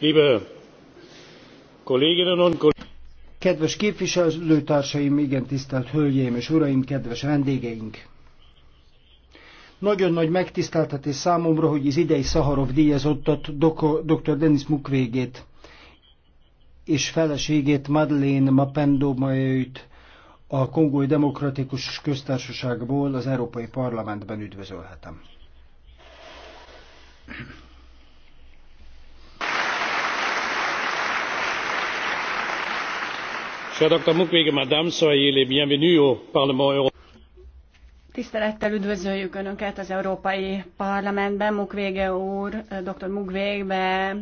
Liebe Kolleginnen und Kollegen! Kedves képviselőtársaim, igen tisztelt hölgyeim és uraim, kedves vendégeink! Nagyon nagy megtiszteltetés számomra, hogy az idei Szaharov díjazottat, dr. Denis Mukwegét és feleségét Madeleine Mapendo Majöjt a Kongói Demokratikus Köztársaságból az Európai Parlamentben üdvözölhetem. Dr. Mukwege, Madame, Tisztelettel üdvözöljük Önöket az Európai Parlamentben, Mukwege úr, dr. Mukwege.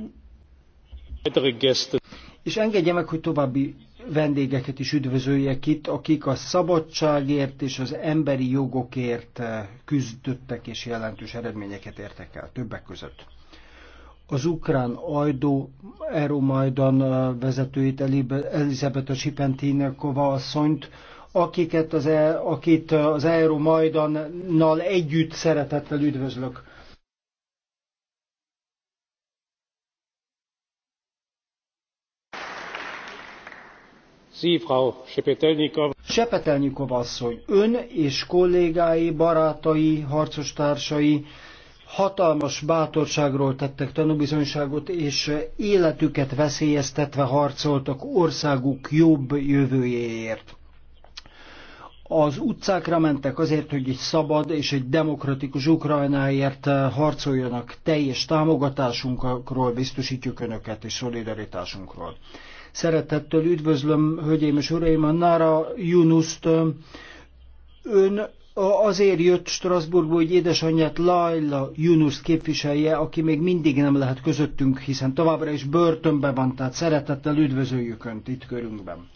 És engedje meg, hogy további vendégeket is üdvözöljek itt, akik a szabadságért és az emberi jogokért küzdöttek és jelentős eredményeket értek el többek között az ukrán ajdó Euromajdan uh, vezetőjét Elizabeth Sipentinekova asszonyt, akiket az, e- akit uh, az Euromajdannal együtt szeretettel üdvözlök. Sepetelnyikov asszony, ön és kollégái, barátai, harcostársai, hatalmas bátorságról tettek tanúbizonyságot, és életüket veszélyeztetve harcoltak országuk jobb jövőjéért. Az utcákra mentek azért, hogy egy szabad és egy demokratikus Ukrajnáért harcoljanak. Teljes támogatásunkról biztosítjuk Önöket és szolidaritásunkról. Szeretettel üdvözlöm, hölgyeim és uraim, a Nara Junuszt, Ön azért jött Strasbourgba, hogy édesanyját Laila Yunus képviselje, aki még mindig nem lehet közöttünk, hiszen továbbra is börtönben van, tehát szeretettel üdvözöljük Önt itt körünkben.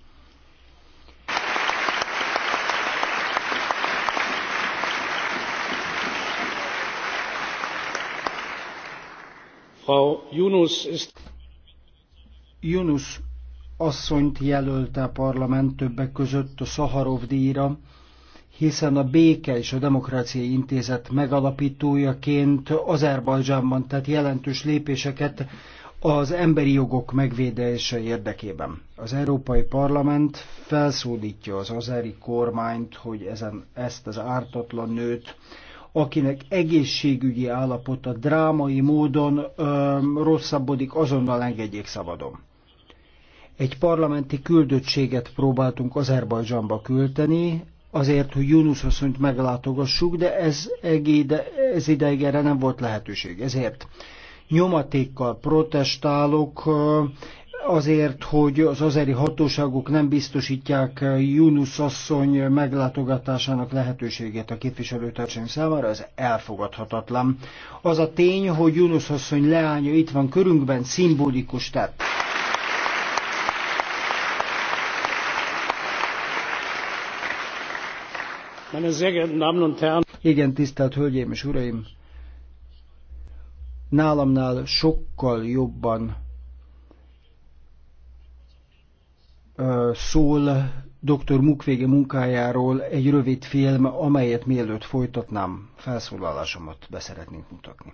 Frau Yunus ist Yunus asszonyt jelölte a parlament többek között a Szaharov díjra, hiszen a Béke és a Demokrácia Intézet megalapítójaként Azerbajdzsánban tett jelentős lépéseket az emberi jogok megvédése érdekében. Az Európai Parlament felszólítja az azeri kormányt, hogy ezen, ezt az ártatlan nőt, akinek egészségügyi állapota drámai módon ö, rosszabbodik, azonnal engedjék szabadon. Egy parlamenti küldöttséget próbáltunk Azerbajdzsánba küldeni, azért, hogy Júnusz asszonyt meglátogassuk, de ez, egéde, ez ideig erre nem volt lehetőség. Ezért nyomatékkal protestálok, azért, hogy az azeri hatóságok nem biztosítják Júnusz asszony meglátogatásának lehetőségét a képviselőtársaim számára, ez elfogadhatatlan. Az a tény, hogy Júnusz asszony leánya itt van körünkben, szimbolikus tett. Igen, tisztelt Hölgyeim és Uraim! Nálamnál sokkal jobban szól dr. Mukvége munkájáról egy rövid film, amelyet mielőtt folytatnám, felszólalásomat beszeretnénk mutatni.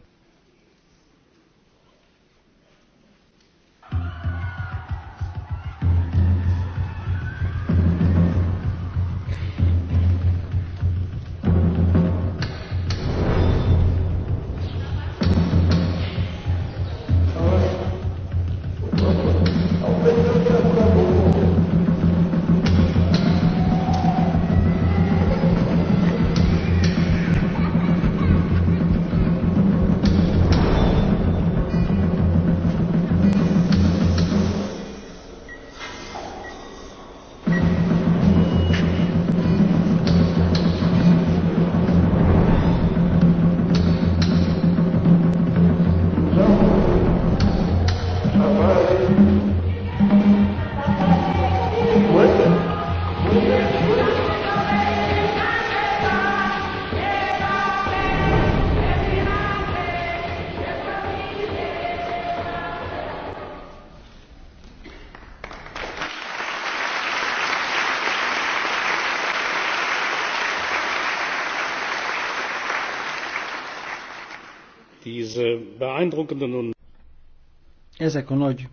beeindruckenden und ezek a nagy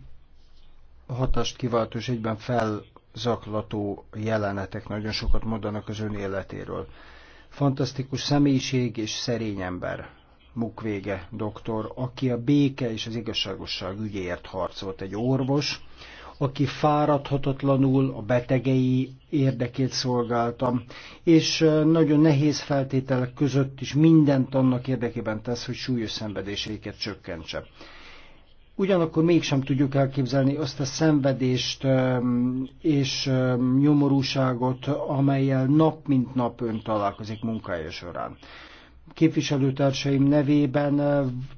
hatást kiváltó és egyben felzaklató jelenetek nagyon sokat mondanak az ön életéről. Fantasztikus személyiség és szerény ember, mukvége doktor, aki a béke és az igazságosság ügyéért harcolt, egy orvos, aki fáradhatatlanul a betegei érdekét szolgáltam, és nagyon nehéz feltételek között is mindent annak érdekében tesz, hogy súlyos szenvedéseiket csökkentse. Ugyanakkor mégsem tudjuk elképzelni azt a szenvedést és nyomorúságot, amelyel nap mint nap ön találkozik munkája során képviselőtársaim nevében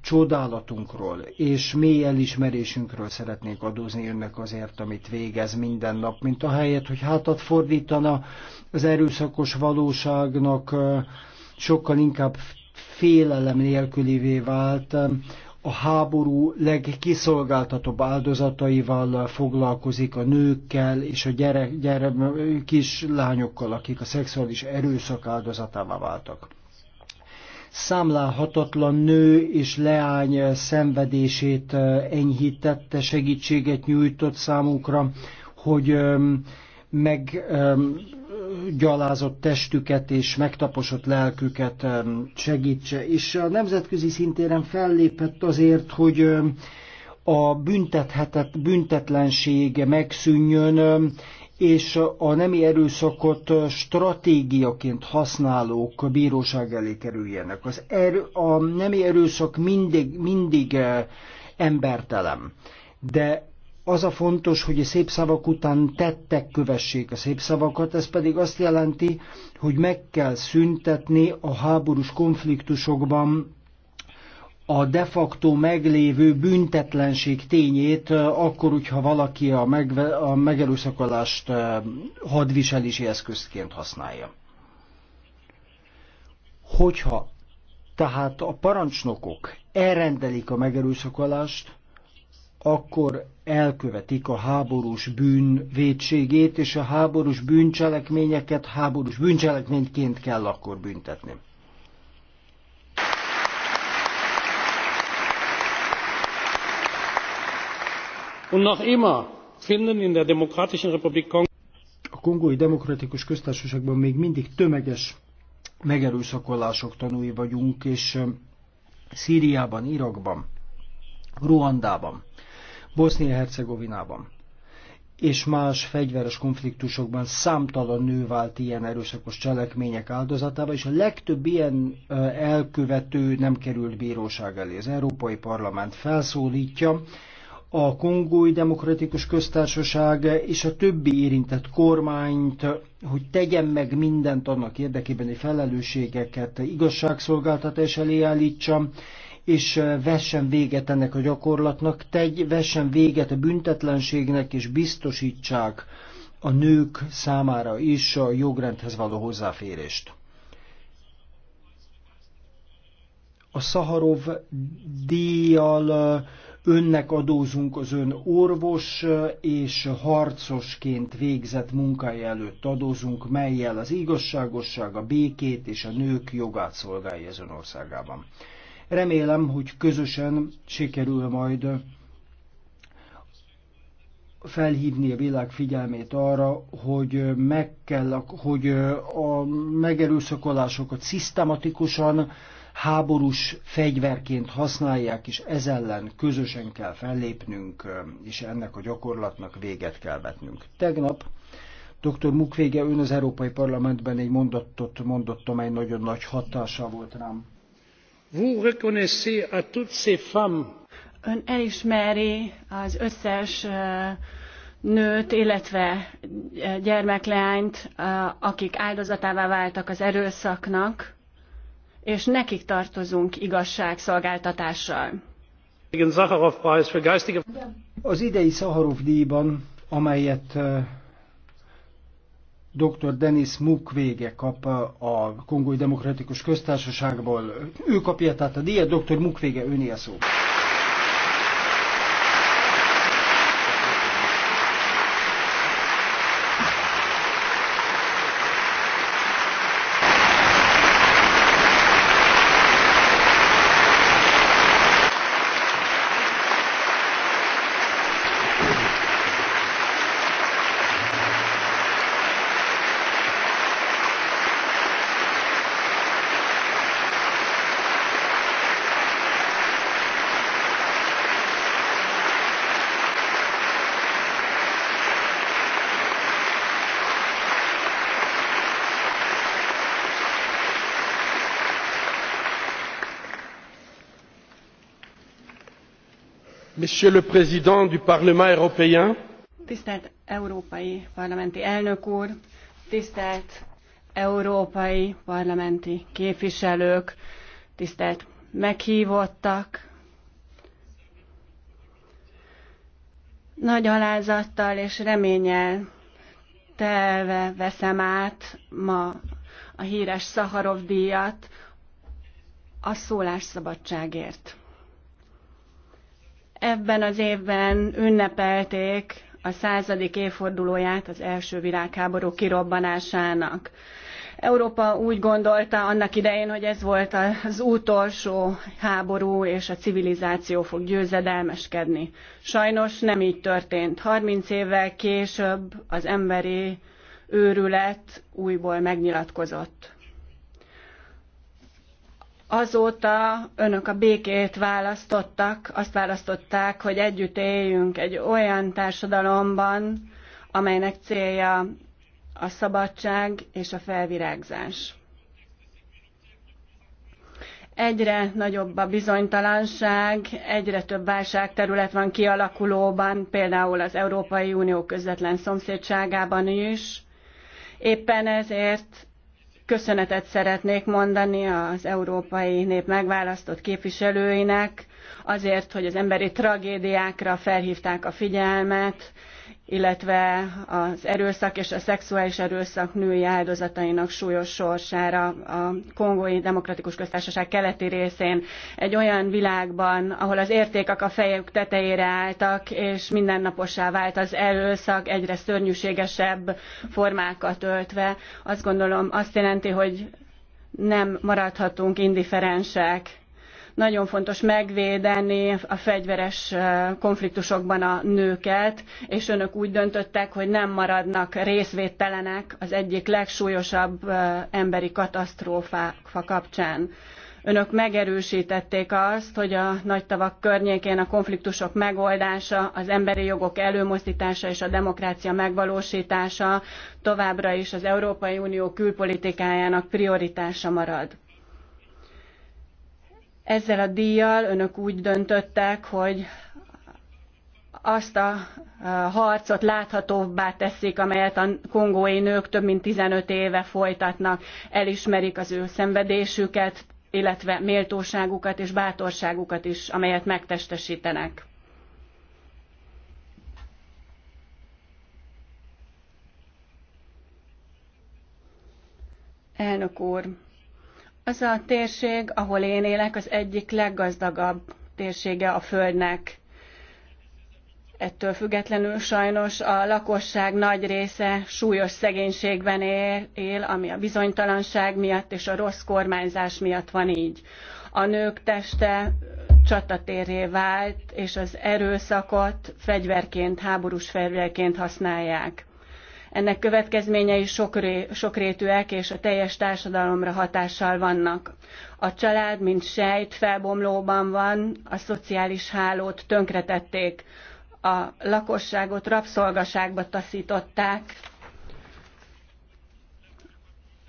csodálatunkról és mély elismerésünkről szeretnék adózni önnek azért, amit végez minden nap, mint a helyet, hogy hátat fordítana az erőszakos valóságnak, sokkal inkább félelem nélkülivé vált, a háború legkiszolgáltatóbb áldozataival foglalkozik, a nőkkel és a gyere, gyere, kislányokkal, akik a szexuális erőszak áldozatává váltak számlálhatatlan nő és leány szenvedését enyhítette, segítséget nyújtott számukra, hogy meggyalázott testüket és megtaposott lelküket segítse. És a nemzetközi szintéren fellépett azért, hogy a büntethetett büntetlenség megszűnjön, és a nemi erőszakot stratégiaként használók bíróság elé kerüljenek. Az erő, a nemi erőszak mindig, mindig eh, embertelem, de az a fontos, hogy a szép szavak után tettek kövessék a szép szavakat, ez pedig azt jelenti, hogy meg kell szüntetni a háborús konfliktusokban a de facto meglévő büntetlenség tényét, akkor, hogyha valaki a, megve, a megerőszakolást hadviselési eszközként használja. Hogyha tehát a parancsnokok elrendelik a megerőszakolást, akkor elkövetik a háborús bűn védségét, és a háborús bűncselekményeket háborús bűncselekményként kell akkor büntetni. und noch immer finden in der demokratischen republik kongo a kongói demokratikus köztársaságban még mindig tömeges megerőszakolások tanúi vagyunk, és Szíriában, Irakban, Ruandában, Bosznia-Hercegovinában és más fegyveres konfliktusokban számtalan nő vált ilyen erőszakos cselekmények áldozatába, és a legtöbb ilyen elkövető nem került bíróság elé. Az Európai Parlament felszólítja, a Kongói Demokratikus Köztársaság és a többi érintett kormányt, hogy tegyen meg mindent annak érdekében, hogy felelősségeket igazságszolgáltatás elé állítsam, és vessen véget ennek a gyakorlatnak, tegy, vessen véget a büntetlenségnek, és biztosítsák a nők számára is a jogrendhez való hozzáférést. A Szaharov díjjal önnek adózunk az ön orvos és harcosként végzett munkája előtt adózunk, melyel az igazságosság, a békét és a nők jogát szolgálja az ön országában. Remélem, hogy közösen sikerül majd felhívni a világ figyelmét arra, hogy meg kell, hogy a megerőszakolásokat szisztematikusan háborús fegyverként használják, és ez ellen közösen kell fellépnünk, és ennek a gyakorlatnak véget kell vetnünk. Tegnap Dr. Mukvége, ön az Európai Parlamentben egy mondatot mondott, amely nagyon nagy hatással volt rám. Vous reconnaissez à toutes ces femmes. Ön elismeri az összes nőt, illetve gyermekleányt, akik áldozatává váltak az erőszaknak és nekik tartozunk igazságszolgáltatással. Az idei Szaharov díjban, amelyet dr. Denis Mukwege kap a Kongói Demokratikus Köztársaságból. Ő kapja tehát a díjat, dr. Mukwege öné a szó. monsieur le président du parlement européen tisztelt európai parlamenti elnök úr tisztelt európai parlamenti képviselők tisztelt meghívottak, nagy alázattal és reménnyel telve veszem át ma a híres szaharov díjat a szólásszabadságért. Ebben az évben ünnepelték a századik évfordulóját az első világháború kirobbanásának. Európa úgy gondolta annak idején, hogy ez volt az utolsó háború, és a civilizáció fog győzedelmeskedni. Sajnos nem így történt. 30 évvel később az emberi őrület újból megnyilatkozott. Azóta önök a békét választottak, azt választották, hogy együtt éljünk egy olyan társadalomban, amelynek célja a szabadság és a felvirágzás. Egyre nagyobb a bizonytalanság, egyre több válságterület van kialakulóban, például az Európai Unió közvetlen szomszédságában is. Éppen ezért Köszönetet szeretnék mondani az európai nép megválasztott képviselőinek azért, hogy az emberi tragédiákra felhívták a figyelmet, illetve az erőszak és a szexuális erőszak női áldozatainak súlyos sorsára a Kongói Demokratikus Köztársaság keleti részén, egy olyan világban, ahol az értékek a fejük tetejére álltak, és mindennapossá vált az erőszak egyre szörnyűségesebb formákat öltve. Azt gondolom azt jelenti, hogy nem maradhatunk indiferensek nagyon fontos megvédeni a fegyveres konfliktusokban a nőket, és önök úgy döntöttek, hogy nem maradnak részvételenek az egyik legsúlyosabb emberi katasztrófa kapcsán. Önök megerősítették azt, hogy a nagy tavak környékén a konfliktusok megoldása, az emberi jogok előmozdítása és a demokrácia megvalósítása továbbra is az Európai Unió külpolitikájának prioritása marad ezzel a díjjal önök úgy döntöttek, hogy azt a harcot láthatóbbá teszik, amelyet a kongói nők több mint 15 éve folytatnak, elismerik az ő szenvedésüket, illetve méltóságukat és bátorságukat is, amelyet megtestesítenek. Elnök úr, az a térség, ahol én élek, az egyik leggazdagabb térsége a Földnek. Ettől függetlenül sajnos a lakosság nagy része súlyos szegénységben él, él, ami a bizonytalanság miatt és a rossz kormányzás miatt van így. A nők teste csatatérré vált, és az erőszakot fegyverként, háborús fegyverként használják ennek következményei sokré, sokrétűek és a teljes társadalomra hatással vannak. A család, mint sejt, felbomlóban van, a szociális hálót tönkretették, a lakosságot rabszolgaságba taszították,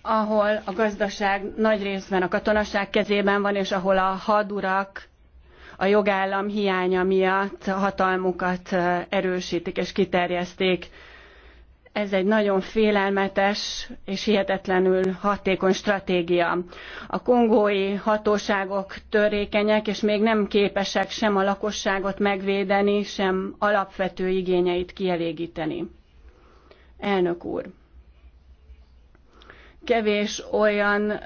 ahol a gazdaság nagy részben a katonaság kezében van, és ahol a hadurak a jogállam hiánya miatt hatalmukat erősítik és kiterjeszték ez egy nagyon félelmetes és hihetetlenül hatékony stratégia. A kongói hatóságok törékenyek, és még nem képesek sem a lakosságot megvédeni, sem alapvető igényeit kielégíteni. Elnök úr, kevés olyan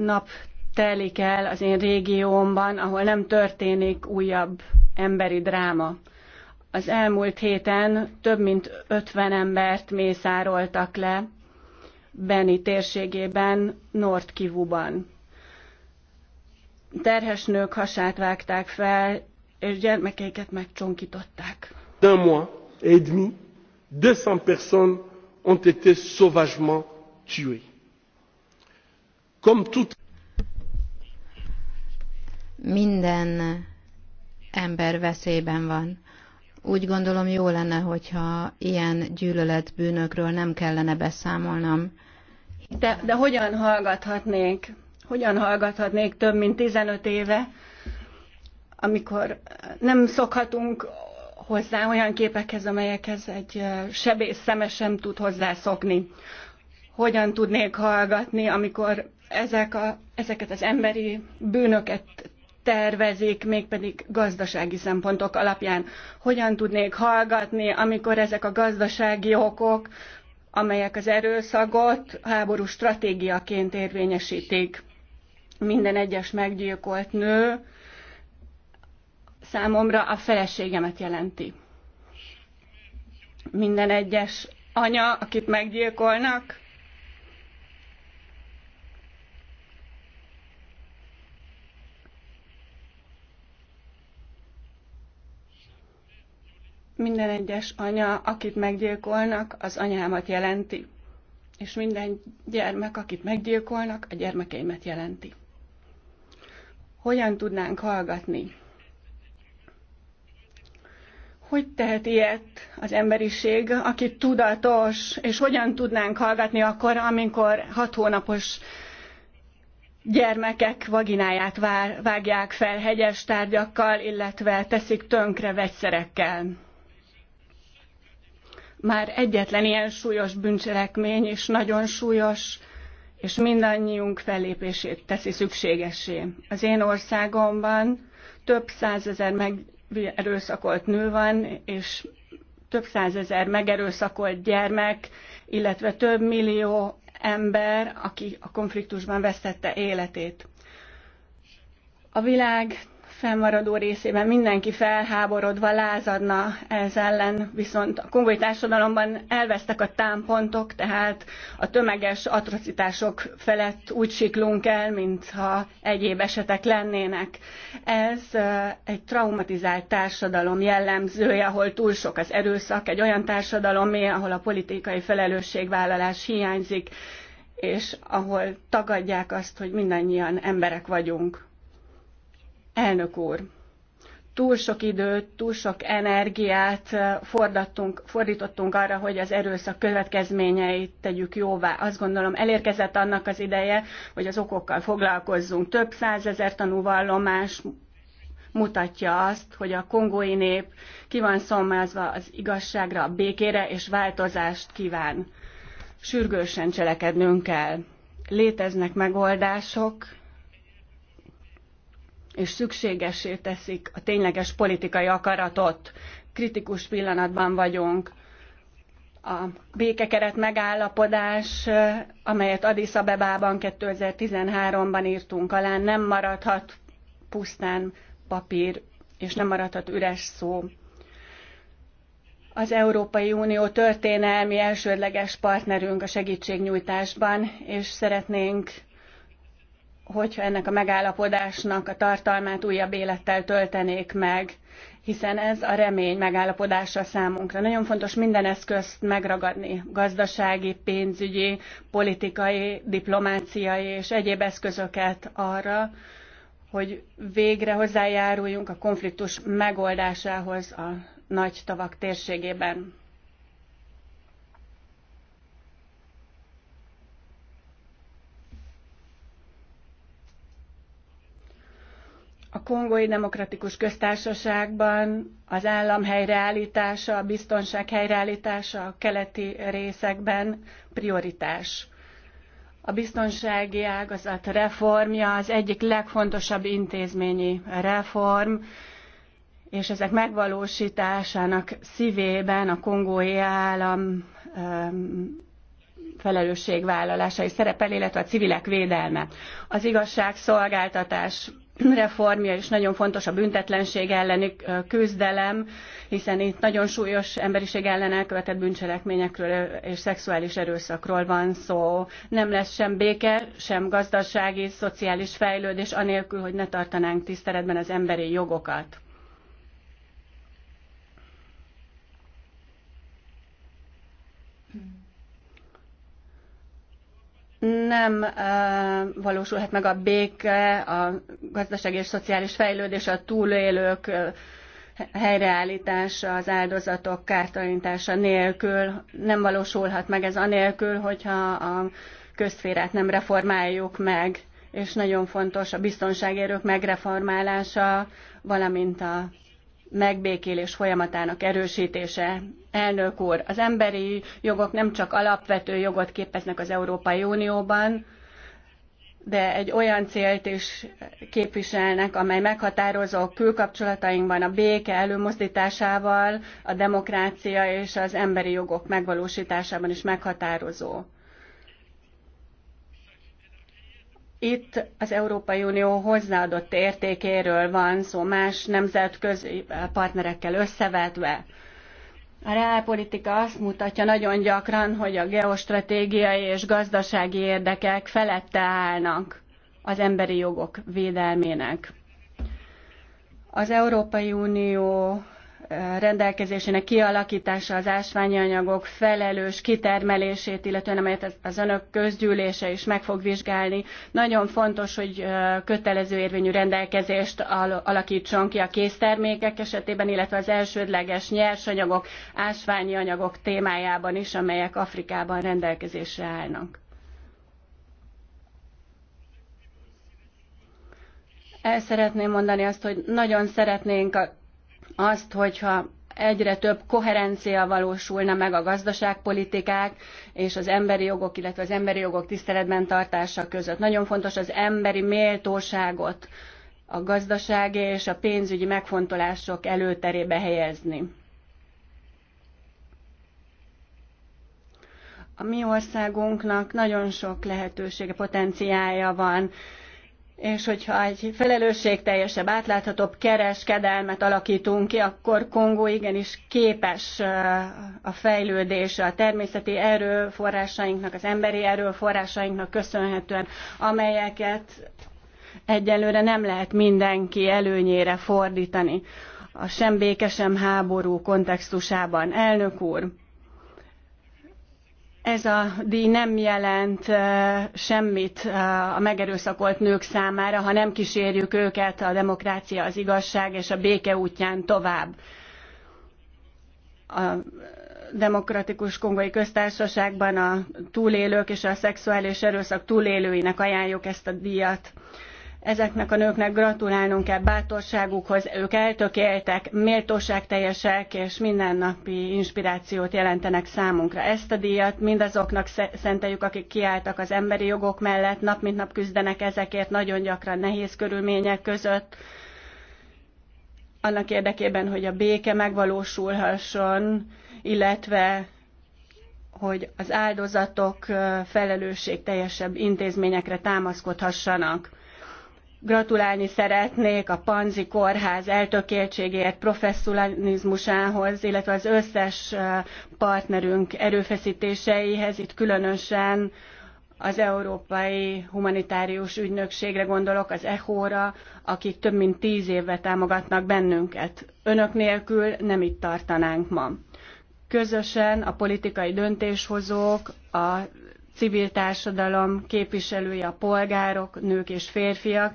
nap telik el az én régiómban, ahol nem történik újabb emberi dráma. Az elmúlt héten több mint 50 embert mészároltak le Beni térségében, Kivuban. Terhes nők hasát vágták fel, és gyermekeiket megcsonkították. D'un mois et demi, 200 personnes ont été sauvagement tuées. Comme tout... Minden ember veszélyben van. Úgy gondolom jó lenne, hogyha ilyen gyűlöletbűnökről nem kellene beszámolnom. De, de hogyan hallgathatnék? Hogyan hallgathatnék több mint 15 éve, amikor nem szokhatunk hozzá olyan képekhez, amelyekhez egy sebész szeme sem tud hozzászokni. Hogyan tudnék hallgatni, amikor ezek a, ezeket az emberi bűnöket tervezik, mégpedig gazdasági szempontok alapján. Hogyan tudnék hallgatni, amikor ezek a gazdasági okok, amelyek az erőszakot háború stratégiaként érvényesítik. Minden egyes meggyilkolt nő számomra a feleségemet jelenti. Minden egyes anya, akit meggyilkolnak, Minden egyes anya, akit meggyilkolnak, az anyámat jelenti. És minden gyermek, akit meggyilkolnak, a gyermekeimet jelenti. Hogyan tudnánk hallgatni? Hogy tehet ilyet az emberiség, aki tudatos, és hogyan tudnánk hallgatni akkor, amikor hat hónapos gyermekek vagináját vágják fel hegyes tárgyakkal, illetve teszik tönkre vegyszerekkel? már egyetlen ilyen súlyos bűncselekmény is nagyon súlyos, és mindannyiunk fellépését teszi szükségessé. Az én országomban több százezer megerőszakolt nő van, és több százezer megerőszakolt gyermek, illetve több millió ember, aki a konfliktusban vesztette életét. A világ fennmaradó részében mindenki felháborodva lázadna ez ellen, viszont a kongói társadalomban elvesztek a támpontok, tehát a tömeges atrocitások felett úgy siklunk el, mintha egyéb esetek lennének. Ez egy traumatizált társadalom jellemzője, ahol túl sok az erőszak, egy olyan társadalom, ahol a politikai felelősségvállalás hiányzik, és ahol tagadják azt, hogy mindannyian emberek vagyunk. Elnök úr, túl sok időt, túl sok energiát eh, fordítottunk arra, hogy az erőszak következményeit tegyük jóvá. Azt gondolom elérkezett annak az ideje, hogy az okokkal foglalkozzunk. Több százezer tanúvallomás mutatja azt, hogy a kongói nép ki van szommázva az igazságra, a békére és változást kíván. Sürgősen cselekednünk kell. Léteznek megoldások, és szükségesé teszik a tényleges politikai akaratot. Kritikus pillanatban vagyunk. A békekeret megállapodás, amelyet Addis Abebában 2013-ban írtunk alá, nem maradhat pusztán papír, és nem maradhat üres szó az Európai Unió történelmi elsődleges partnerünk a segítségnyújtásban, és szeretnénk hogyha ennek a megállapodásnak a tartalmát újabb élettel töltenék meg, hiszen ez a remény megállapodása számunkra. Nagyon fontos minden eszközt megragadni, gazdasági, pénzügyi, politikai, diplomáciai és egyéb eszközöket arra, hogy végre hozzájáruljunk a konfliktus megoldásához a nagy tavak térségében. a kongói demokratikus köztársaságban az állam helyreállítása, a biztonság helyreállítása a keleti részekben prioritás. A biztonsági ágazat reformja az egyik legfontosabb intézményi reform, és ezek megvalósításának szívében a kongói állam felelősségvállalása és szerepel, illetve a civilek védelme. Az igazságszolgáltatás reformja és nagyon fontos a büntetlenség elleni küzdelem, hiszen itt nagyon súlyos emberiség ellen elkövetett bűncselekményekről és szexuális erőszakról van szó. Nem lesz sem béke, sem gazdasági, szociális fejlődés anélkül, hogy ne tartanánk tiszteletben az emberi jogokat. nem valósulhat meg a béke, a gazdasági és szociális fejlődés, a túlélők helyreállítása, az áldozatok kártalanítása nélkül. Nem valósulhat meg ez anélkül, hogyha a közférát nem reformáljuk meg, és nagyon fontos a biztonságérők megreformálása, valamint a megbékélés folyamatának erősítése. Elnök úr, az emberi jogok nem csak alapvető jogot képeznek az Európai Unióban, de egy olyan célt is képviselnek, amely meghatározó külkapcsolatainkban a béke előmozdításával, a demokrácia és az emberi jogok megvalósításában is meghatározó. Itt az Európai Unió hozzáadott értékéről van szó más nemzetközi partnerekkel összevetve. A reálpolitika azt mutatja nagyon gyakran, hogy a geostratégiai és gazdasági érdekek felette állnak az emberi jogok védelmének. Az Európai Unió rendelkezésének kialakítása az ásványi anyagok felelős kitermelését, illetően amelyet az önök közgyűlése is meg fog vizsgálni. Nagyon fontos, hogy kötelező érvényű rendelkezést alakítson ki a késztermékek esetében, illetve az elsődleges nyersanyagok, ásványi anyagok témájában is, amelyek Afrikában rendelkezésre állnak. El szeretném mondani azt, hogy nagyon szeretnénk a azt, hogyha egyre több koherencia valósulna meg a gazdaságpolitikák és az emberi jogok, illetve az emberi jogok tiszteletben tartása között. Nagyon fontos az emberi méltóságot a gazdasági és a pénzügyi megfontolások előterébe helyezni. A mi országunknak nagyon sok lehetősége, potenciája van és hogyha egy felelősségteljesebb, átláthatóbb kereskedelmet alakítunk ki, akkor Kongó igenis képes a fejlődésre, a természeti erőforrásainknak, az emberi erőforrásainknak köszönhetően, amelyeket egyelőre nem lehet mindenki előnyére fordítani a sem béke, sem háború kontextusában. Elnök úr! ez a díj nem jelent semmit a megerőszakolt nők számára, ha nem kísérjük őket a demokrácia, az igazság és a béke útján tovább. A Demokratikus Kongói Köztársaságban a túlélők és a szexuális erőszak túlélőinek ajánljuk ezt a díjat. Ezeknek a nőknek gratulálnunk kell bátorságukhoz, ők eltökéltek, méltóságteljesek és mindennapi inspirációt jelentenek számunkra. Ezt a díjat mindazoknak szenteljük, akik kiálltak az emberi jogok mellett, nap mint nap küzdenek ezekért nagyon gyakran nehéz körülmények között, annak érdekében, hogy a béke megvalósulhasson, illetve hogy az áldozatok felelősségteljesebb intézményekre támaszkodhassanak. Gratulálni szeretnék a Panzi Kórház eltökéltségéért, professzionalizmusához, illetve az összes partnerünk erőfeszítéseihez, itt különösen az Európai Humanitárius Ügynökségre gondolok, az ECHO-ra, akik több mint tíz éve támogatnak bennünket. Önök nélkül nem itt tartanánk ma. Közösen a politikai döntéshozók, a civil társadalom képviselői, a polgárok, nők és férfiak.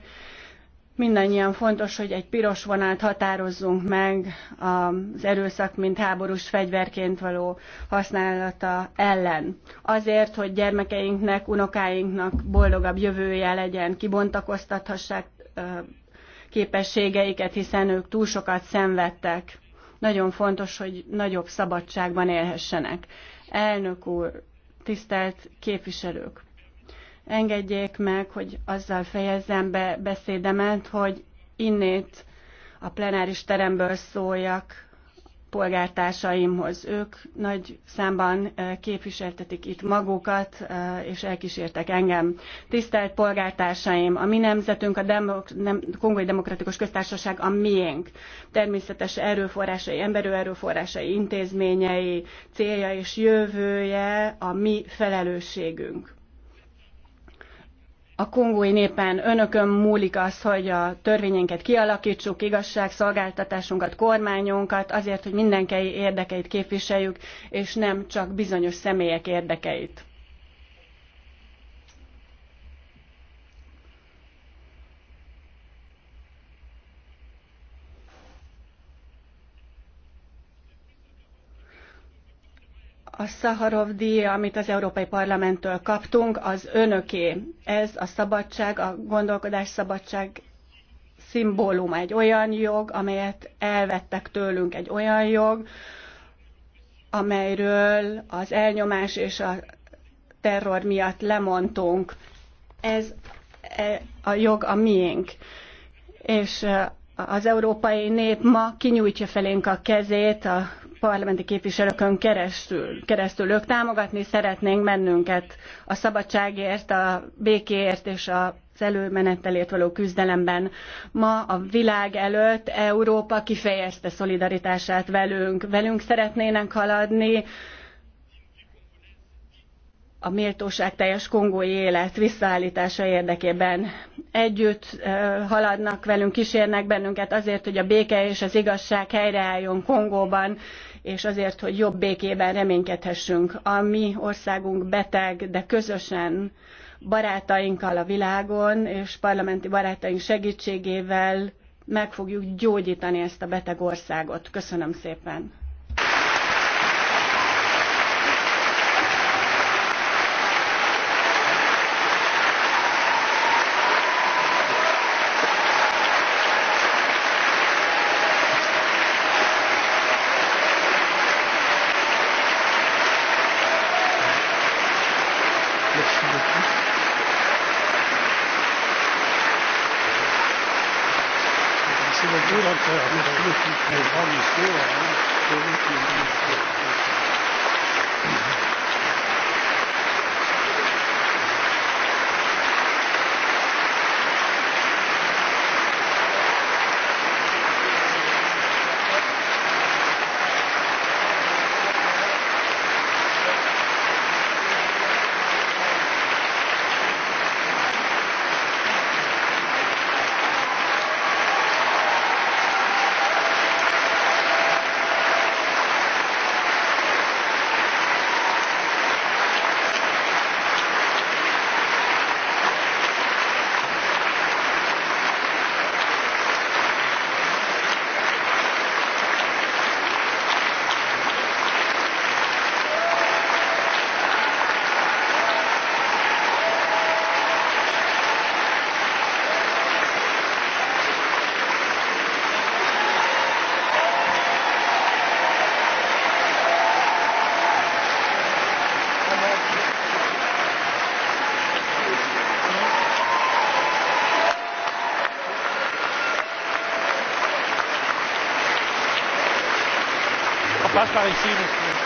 Mindannyian fontos, hogy egy piros vonát határozzunk meg az erőszak, mint háborús fegyverként való használata ellen. Azért, hogy gyermekeinknek, unokáinknak boldogabb jövője legyen, kibontakoztathassák képességeiket, hiszen ők túl sokat szenvedtek. Nagyon fontos, hogy nagyobb szabadságban élhessenek. Elnök úr, tisztelt képviselők! Engedjék meg, hogy azzal fejezzem be beszédemet, hogy innét a plenáris teremből szóljak polgártársaimhoz. Ők nagy számban képviseltetik itt magukat, és elkísértek engem. Tisztelt polgártársaim, a mi nemzetünk, a demok- nem, Kongói Demokratikus Köztársaság a miénk. Természetes erőforrásai, emberő erőforrásai, intézményei, célja és jövője a mi felelősségünk a kongói népen önökön múlik az, hogy a törvényeinket kialakítsuk, igazságszolgáltatásunkat, kormányunkat, azért, hogy mindenki érdekeit képviseljük, és nem csak bizonyos személyek érdekeit. A Szaharov díj, amit az Európai Parlamenttől kaptunk, az önöké. Ez a szabadság, a gondolkodás szabadság szimbóluma, egy olyan jog, amelyet elvettek tőlünk, egy olyan jog, amelyről az elnyomás és a terror miatt lemondtunk. Ez e, a jog a miénk. És e, az európai nép ma kinyújtja felénk a kezét a parlamenti képviselőkön keresztül, keresztül ők támogatni szeretnénk bennünket a szabadságért, a békéért és a az előmenetelért való küzdelemben. Ma a világ előtt Európa kifejezte szolidaritását velünk. Velünk szeretnének haladni, a méltóság teljes kongói élet visszaállítása érdekében. Együtt haladnak velünk, kísérnek bennünket azért, hogy a béke és az igazság helyreálljon Kongóban, és azért, hogy jobb békében reménykedhessünk. A mi országunk beteg, de közösen barátainkkal a világon és parlamenti barátaink segítségével meg fogjuk gyógyítani ezt a beteg országot. Köszönöm szépen! das ich was